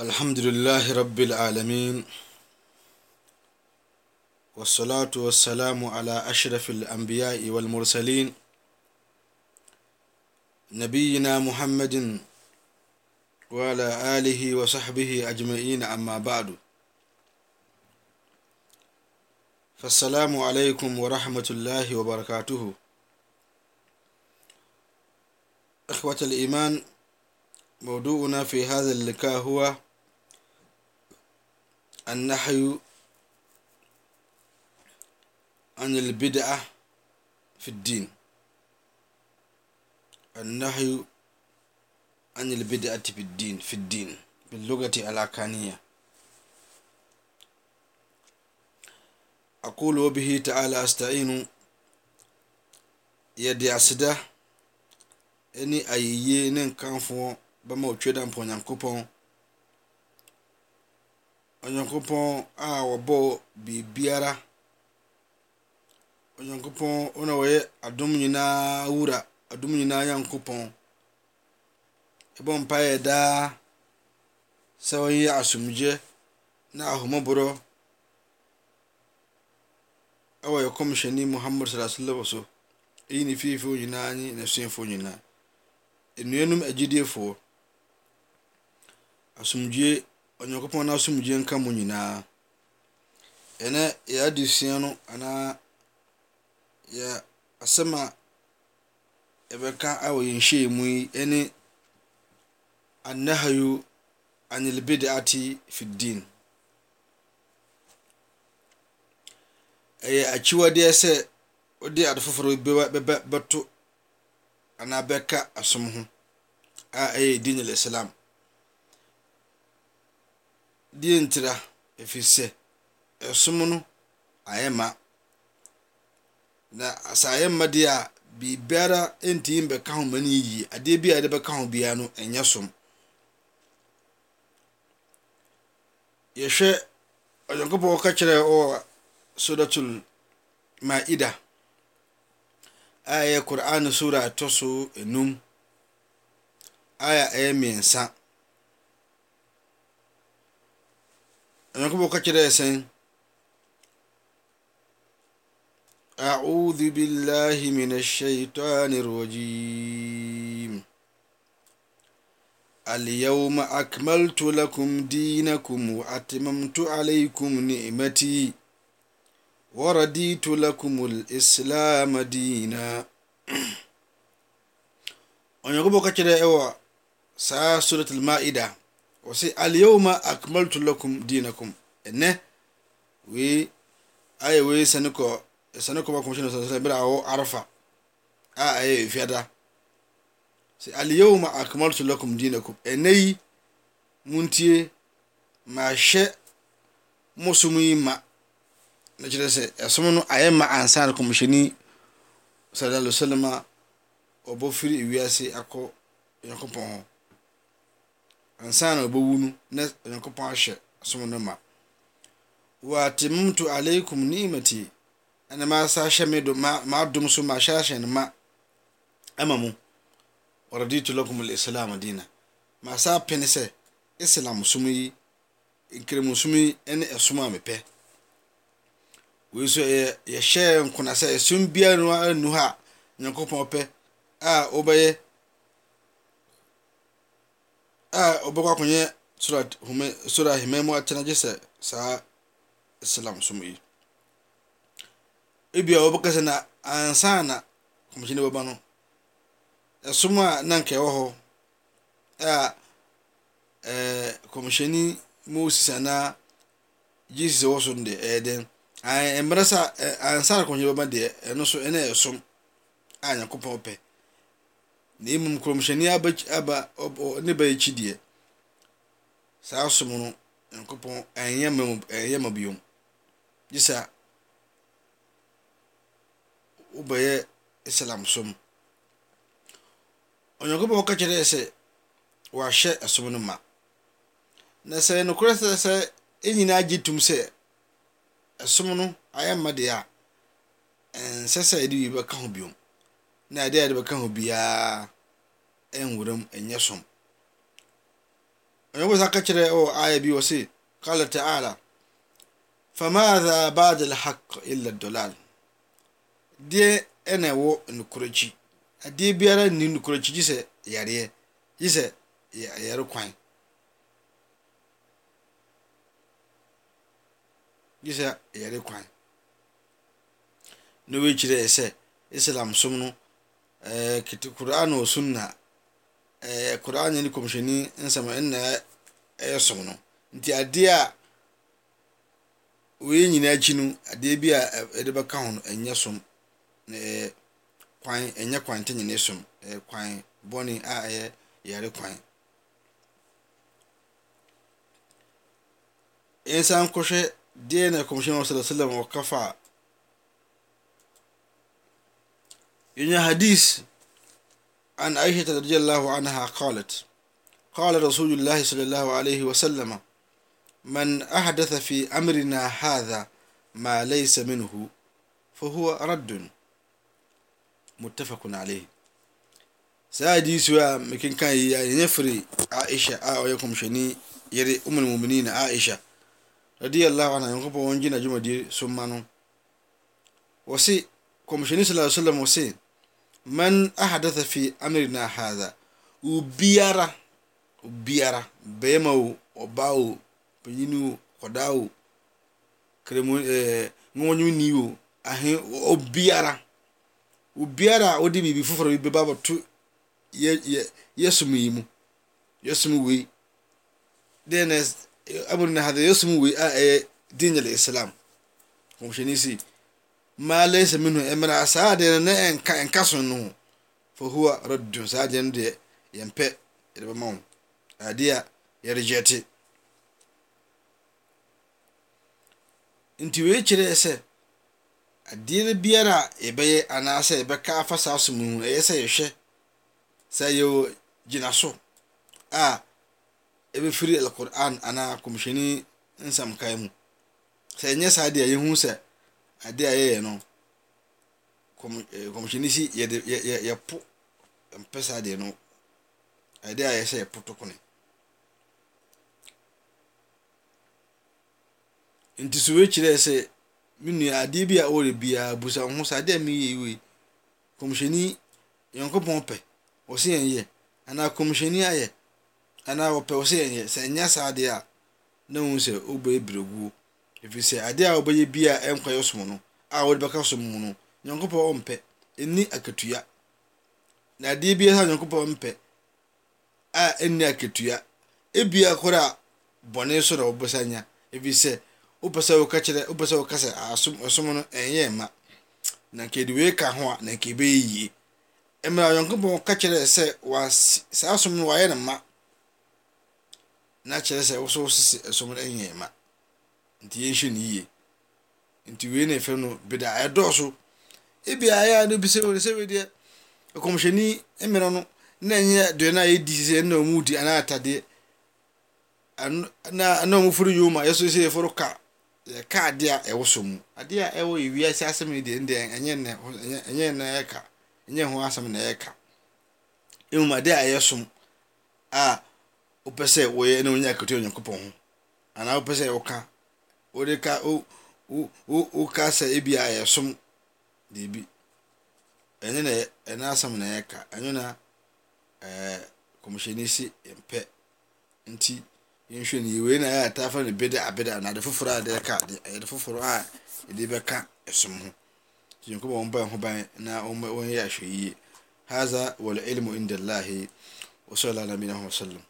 الحمد لله رب العالمين والصلاة والسلام على أشرف الأنبياء والمرسلين نبينا محمد وعلى آله وصحبه أجمعين أما بعد فالسلام عليكم ورحمة الله وبركاته إخوة الإيمان موضوعنا في هذا اللقاء هو النحي عن البدعة في الدين النحي عن البدعة في الدين في الدين باللغة العلكانية أقول وبه تعالى أستعين yɛde aseda ne ayɛyie ne nkamfoɔ bɛma ɔtwa da onyankopɔn a wɔbɔ biribiara onyankopɔn ɔna wɔyɛ adom nyinaa wura adom nyinaa nyankopɔn yɛbɔ mpa yɛ daa sɛ ɔnyɛ asomgye na ahomɔborɔ ɛwɔ yɛ kɔmhyɛni muhammad sala sallam so ɛyi ne fiefoɔ nyinaa ne n'asuafoɔ nyinaa nnuanom agyidiefoɔ asomdwie onyankopɔn no asomdwe nka mu nyinaa ɛnɛ yɛ adesua no anaa yɛ asɛm a yɛbɛka a wɔyɛ nhyɛɛ mu yi ne annahayu anilbidaati fi din ɛyɛ akyiwadeɛ sɛ wode ade foforɔ bɛba bɛto anaa bɛka asom ho a ɛyɛ din al islam deɛntira ɛfir sɛ ɛsom no ayɛ ma na sa yɛ madeɛ a biribiara ntii bɛka ho m'a no yyie adeɛ bia de bɛka ho biaa no ɛnyɛ som yɛhwɛ odyankopɔn wɔka kyerɛ ɔa sodatul maida a ɛyɛ coran soraatɔ so ɛnum aya ɛyɛ miɛnsa nyankopɔn ka kyerɛ yɛ أعوذ بالله من الشيطان الرجيم اليوم أكملت لكم دينكم وأتممت عليكم نعمتي ورديت لكم الإسلام دينا ونقول بك كده سورة المائدة s alyama acmaltu lacum dinacum ɛnɛ eiyɛwei sane kɔm kmheni sm bre awɔ arafa aayɛ efiada s alyama acmaltu lacum dinacum ɛnɛyi muntie mahyɛ mosom yi ma na kyerɛsɛ ɛsom no ayɛ ma ansan comchɛni saala alwusalama ɔbɔ fri ewise akɔ yankopɔn hɔ ansan bo wunu ne yanko pɔn ashye somenema watimto alaikum nima ti n msa ma dumso masshenu ma ama mu oraditolacumlisalam adina masa penese iselamsomyi keremusomy ni asom ame pe so yshe kunase asom bianuha nyankupɔn peby a ɔbɛkɔ akɔnyɛ sora ahema mu akyɛn agye sɛ saa islam som yi ebi a wɔbɛka sɛ na ansa na bɛba no ɛsom a na nka ɛwɔ hɔ a ɛɛ kɔmhyɛn anaa jesus so no deɛ ɛyɛ mmerɛ ɛna ɛsom a pɛ. na mmom nkɔmhyɛni aba ne ba akyi deɛ saa som no nyankopɔn ɛnyɛ ma ɛnyɛ ma biom gye sa wobɛyɛ islam som onyankopɔn ka kyerɛ sɛ wahyɛ ɛsom no ma na sɛ nokorɛ sɛ sɛ ɛnyinaa gye tom sɛ ɛsom no ayɛ ma deɛ a ɛnsɛ sɛ ɛde wie bɛka ho biom adeɛdebɛka ho biaa weram ɛyɛ som sa ka kyerɛ ya bi ɔ se kala taala famadha bade lhak ila dolal deɛ ɛne wɔ nokorachi adeɛ biara ni nokrachi ysɛ yɛysɛ yɛre kwan ne wekyere ɛsɛ islam so no eh, kiti qur'an wa sunna eh, qur'an ne komshini nsama inna ɛyɛ eh, eh, som no nti adeɛ a wei nyinaa akyi no adeɛ bi a ɛde bɛka ho no ɛnyɛ som ɛɛ kwan ɛnyɛ kwan te nyina som eh, kwan bɔne a ɛyɛ yɛre kwan yɛn san kɔhwɛ deɛ na kɔmhyɛn wa sallam ɔka fa يني حديث عن عائشة رضي الله عنها قالت قال رسول الله صلى الله عليه وسلم من أحدث في أمرنا هذا ما ليس منه فهو رد متفق عليه سادي سوى مكين كان ينفري عائشة آويكم شني يري أم المؤمنين عائشة رضي الله عنها ينقب ونجينا جمع دير سمانو وسي كم شني صلى الله عليه وسلم وسي man ahadatha fi amrina hadha obiara obiara bɛrima o ɔbaa o panyin o ɔdaa o kremo ɛɛ ŋɔmɔnyɔni o ahen obiara obiara a ɔde biribi foforɔ bi bɛba abɛto yɛ yɛ yɛsom yi mu yɛsom wei deɛ na amrina hadha yɛsom wei a ɛyɛ din islam kɔmhyɛni si. ma laysa minhu mmerɛ a saa na ɛnka ɛnka so no ho fa huwa raddun saa adeɛ no deɛ yɛmpɛ yɛde bɛma wo adeɛ a yɛregyɛ nti wei kyerɛ sɛ adeɛ no biara a yɛbɛyɛ anaasɛ yɛbɛka afa saa so mu ɛyɛ sɛ yɛhwɛ sɛ yɛwɔ gyina so a ɛbɛfiri alquran anaa kɔmhyɛni nsɛmkae mu sɛ ɛnyɛ saa deɛ yɛhu sɛ ade a yɛyɛ no eh, kɔmhyɛni si yɛpo mpɛ saa deɛ no ade a yɛhyɛ yɛpo to nti so wei sɛ me nua adeɛ bi a ɔrɛ biara busa ho sɛ adeɛ a meyɛ yi wei kɔmhyɛni nyankopɔn pɛ anaa kɔmhyɛni ayɛ anaa ɔpɛ sɛ ɛnyɛ saa deɛ a na ebire ɛfiri sɛ adeɛ a wobɛyɛ bi a ɛnkwa yɛ som no a wode bɛka som mu no nyankopɔn ɔmpɛ akatua na adeɛ bi mpɛ a ɛnni akatua ebia koraa bɔne so na wɔbɛsa nya ɛfiri sɛ wopɛ sɛ kyerɛ wopɛ sɛ sɛ asom ɛsom no ɛnyɛ ma na nkɛde wei ka ho a na yie mmerɛ kyerɛ nti yɛnhyɛ ne yie nti wei na ɛfɛ no bida ɛdɔɔso ayɛ a no bi sɛ wɔn sɛ deɛ ɛkɔmhyɛni mmerɛ no na ɛnyɛ deɛ a yɛdi sɛ ɛna ɔmo di anaa atadeɛ na na ɔmo foro yom a yɛsɔ sɛ yɛforo ka yɛka adeɛ a ɛwɔ so mu adeɛ a ɛwɔ ewia sɛ asɛm ne deɛ ndeɛ ɛnyɛ ɛnyɛ ɛka ɛnyɛ asɛm na emu a ɛyɛ a wopɛ sɛ wɔyɛ na onyankopɔn ho anaa wopɛ sɛ wɔka wokasa ebi a yɛsom biribi ɛne na ɛne asɛm na yɛka ɛno na ɛɛ kɔmhyɛni si mpɛ nti nhwɛ ni wei na yɛ ata fa no beda abeda na ade foforɔ a yɛde ka ade foforɔ a yɛde bɛka ɛsom ho nti nkɔmɔ wɔn bɛn ho ban na wɔn yɛ ahwɛ yie haza wal ilmu inda allahi wa sallallahu alaihi wa